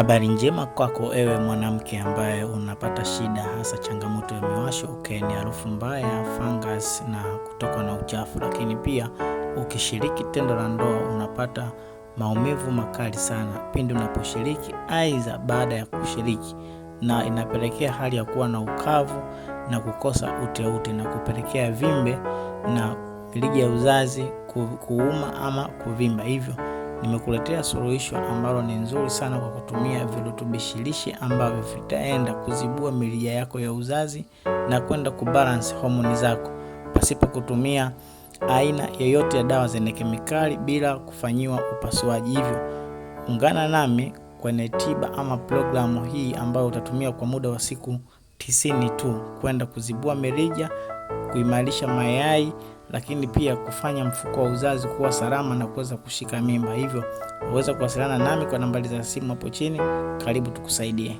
Habari njema kwako ewe mwanamke ambaye unapata shida hasa changamoto ya miwasho ukeni, okay, harufu mbaya, fungus na kutokwa na uchafu. Lakini pia ukishiriki tendo la ndoa unapata maumivu makali sana pindi unaposhiriki, aidha baada ya kushiriki, na inapelekea hali ya kuwa na ukavu na kukosa uteute na kupelekea vimbe na mirija ya uzazi kuuma ama kuvimba hivyo Nimekuletea suluhisho ambalo ni nzuri sana kwa kutumia virutubishilishi ambavyo vitaenda kuzibua mirija yako ya uzazi na kwenda kubalance homoni zako pasipo kutumia aina yoyote ya dawa zenye kemikali bila kufanyiwa upasuaji. Hivyo ungana nami kwenye tiba ama programu hii ambayo utatumia kwa muda wa siku tisini tu kwenda kuzibua mirija, kuimarisha mayai lakini pia kufanya mfuko wa uzazi kuwa salama na kuweza kushika mimba. Hivyo waweza kuwasiliana nami kwa nambari za simu hapo chini. Karibu tukusaidie.